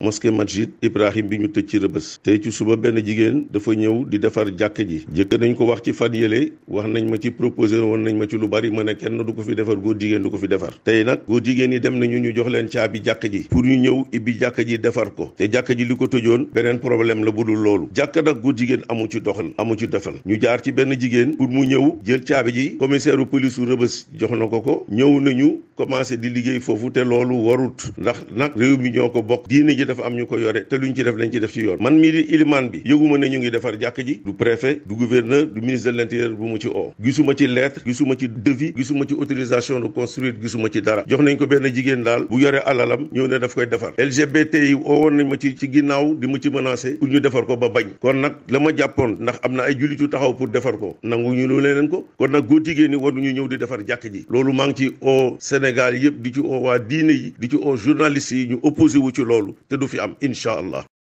mosquée Masjid Ibrahim bi ñu tëj ci rëbës tey ci suba benn jigéen dafa ñëw di defar jàkk ji jëkk nañ ko wax ci fan yële wax nañ ma ci proposé woon nañ ma ci lu bari ma ne kenn du ko fi defar góor jigéen du ko fi defar tey nag góor jigéen yi dem nañu ñu jox leen caabi jàkk ji pour ñu ñëw ibbi jàkk ji defar ko te jàkk ji li ko tëjoon beneen problème la bu dul loolu jàkk nag góor jigéen amu ci doxal amu ci defal ñu jaar ci benn jigéen pour mu ñëw jël caabi ji commissaire u police u rëbës jox na ko ko ñëw nañu commencé di liggéey foofu te loolu warut ndax nag réew bokk diine ji dafa am ñu ko yore te luñ ci def lañ ci def ci yoon man mii di ilimaan bi yëguma ne ñu ngi defar jàkk ji du préfet du gouverneur du ministre de l'intérieur bu mu ci oo gisuma ci lettre gisuma ci devis gisuma ci autorisation de construire gisuma ci dara jox nañ ko benn jigéen daal bu yore alalam ñëw ne daf koy defar LGBT yi oowoon nañ ma ci ci ginnaaw di ma ci menacé pour ñu defar ko ba bañ kon nag la ma jàppoon ndax am na ay jullitu taxaw pour defar ko nangu ñu lu leneen ko kon nag góor jigéen ñi waruñu ñëw di defar jàkk ji loolu maa ngi ci oo Sénégal yëpp di ci oo waa diine di ci oo journalistes yi ñu opposé wu ci loolu du fi am incha allah